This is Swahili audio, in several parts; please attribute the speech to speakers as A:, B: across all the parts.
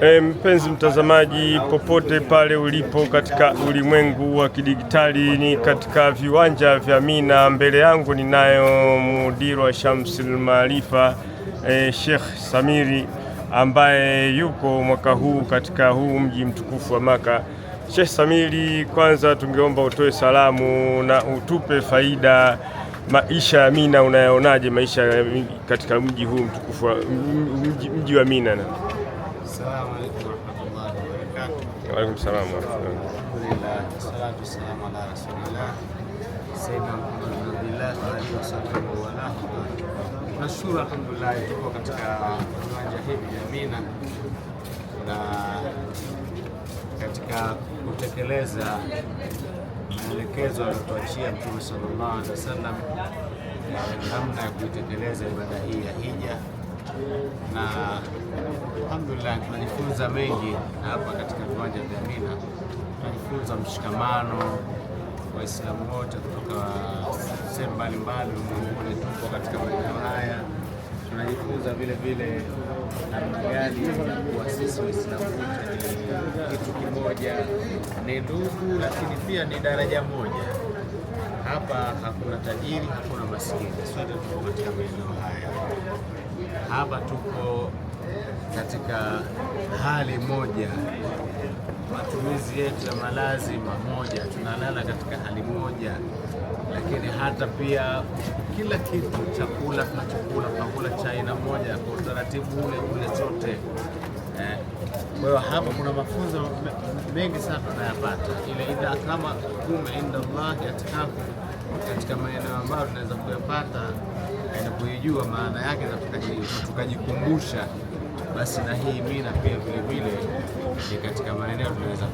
A: E, mpenzi mtazamaji popote pale ulipo katika ulimwengu wa kidigitali, ni katika viwanja vya Mina. Mbele yangu ninayo mudiri wa Shamsul Maarifa e, Sheikh Samiri ambaye yuko mwaka huu katika huu mji mtukufu wa Maka. Sheikh Samiri, kwanza tungeomba utoe salamu na utupe faida maisha ya Mina, unayaonaje maisha katika mji huu mtukufu, mji wa Mina na
B: Assalamu alaykum warahmatullahi wabarakatuh.
C: Wa alaykum salaam wa rahmatullah.
B: Alhamdulillah, wassalatu wassalamu ala Nashukuru alhamdulillah, tuko katika viwanja hivi vya Mina na katika kutekeleza maelekezo aliyotuachia Mtume sallallahu alaihi wasallam eh, namna ya kuitekeleza ibada hii ya hija na alhamdulillah tunajifunza mengi hapa katika viwanja vya mina Tunajifunza mshikamano, Waislamu wote kutoka sehemu mbalimbali ulimwenguni tuko katika maeneo haya. Tunajifunza vile vile namna gani kuwa sisi Waislamu wote ni kitu kimoja, ni ndugu, lakini pia ni daraja moja. Hapa hakuna tajiri, hakuna maskini, sote tuko katika maeneo haya hapa tuko katika hali moja, matumizi yetu ya malazi mamoja, tunalala katika hali moja, lakini hata pia kila kitu, chakula tunachokula, tunakula cha aina moja kwa utaratibu ule ule zote eh, Kwa hiyo hapa kuna mafunzo mengi sana tunayapata, ile idha kama kume inda Allahi katika maeneo ambayo tunaweza kuyapata inapoijua maana yake na tukajikumbusha, basi na hii mina pia vile ni katika maeneo tunaweza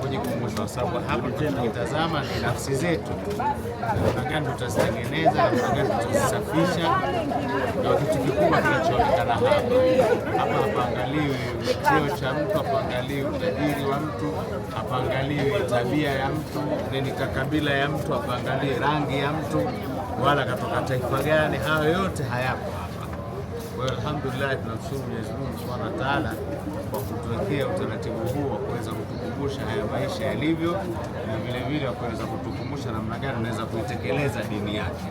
B: kujikumbusha, kwa sababu hapa tunaitazama ni nafsi zetu, namna gani tutazitengeneza, namna gani tutazisafisha. Ndio kitu kikubwa kinachoonekana hapa. Hapa hapaangaliwi cheo cha mtu, hapaangaliwi utajiri wa mtu, hapaangaliwi tabia ya mtu, nini kakabila ya mtu, hapaangaliwi rangi ya mtu wala katoka taifa gani, hayo yote hayapo hapa. Kwa hiyo alhamdulillah, tunamshukuru Mwenyezi Mungu Subhanahu wa Ta'ala kwa kutuwekea utaratibu huu wa kuweza kutukumbusha haya maisha yalivyo, na vilevile kuweza kutukumbusha namna gani unaweza kuitekeleza dini yake.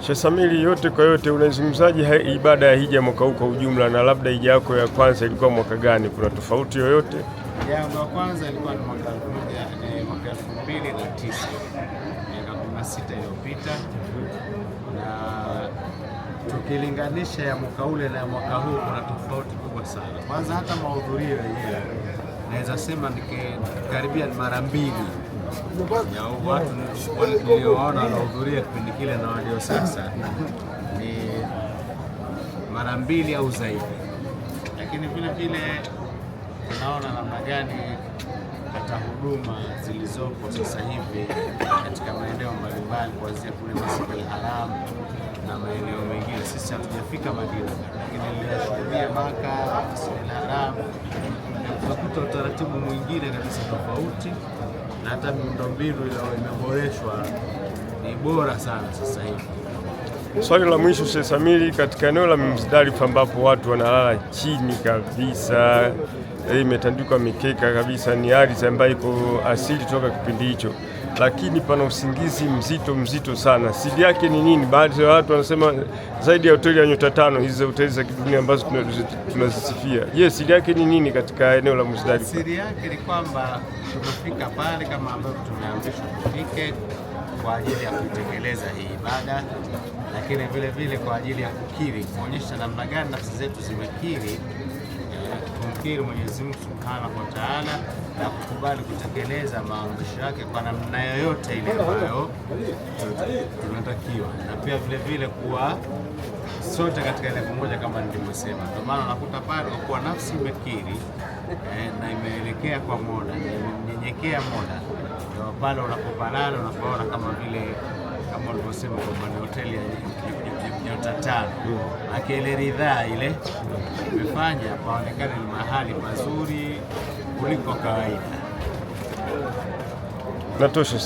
A: Sheikh Samili, yote kwa yote, unaizungumzaje ibada ya hija mwaka huu kwa ujumla, na labda hija yako ya kwanza ilikuwa mwaka gani? Kuna tofauti yoyote?
B: Ya kwanza ilikuwa ni mwaka 2009 kama sita iliyopita na tukilinganisha ya mwaka ule na ya mwaka huu kuna tofauti kubwa sana. Kwanza hata mahudhurio yenyewe naweza sema nikikaribia mara mbili ya watu niliowaona wanahudhuria kipindi kile na walio sasa ni mara mbili au zaidi, lakini vile vile tunaona namna gani kupata huduma zilizopo sasa hivi katika maeneo mbalimbali kuanzia kule Masjidil Haram na maeneo mengine. Sisi hatujafika Madina, lakini niliyashuhudia Maka, Masjidil Haram, tukakuta utaratibu mwingine kabisa tofauti, na hata miundombinu ile imeboreshwa, ni bora sana sasa hivi.
A: Swali la mwisho Sheikh Samiri, katika eneo la Muzdalifa ambapo watu wanalala chini kabisa Eh, imetandikwa mikeka kabisa, ni ardhi ambayo iko asili toka kipindi hicho, lakini pana usingizi mzito mzito sana. Siri yake ni nini? Baadhi ya watu wanasema zaidi ya hoteli ya nyota tano, hizi za hoteli za kidunia ambazo tunazisifia. Je, yes, siri yake ni nini katika eneo la Muzdalifa?
B: Siri yake ni kwamba tumefika pale kama ambavyo tumeamrishwa tufike kwa ajili ya kutekeleza hii ibada, lakini vile vile kwa ajili ya kukiri, kuonyesha namna gani nafsi zetu zimekiri kumshukuru Mwenyezi Mungu Subhanahu wa Ta'ala na kukubali kutekeleza maamrisho yake kwa namna yoyote ile ambayo tunatakiwa, na pia vile vile kuwa sote katika lengo moja kama nilivyosema. Ndio maana nakuta pale kwa kuwa nafsi imekiri eh, na imeelekea kwa Mola, imenyenyekea Mola, ndio pale unapopalala unapoona kama vile kama ulivyosema kwa hoteli ya nyota tano akeleridhaa ile imefanya paonekane ni mahali pazuri kuliko kawaida. Natosha.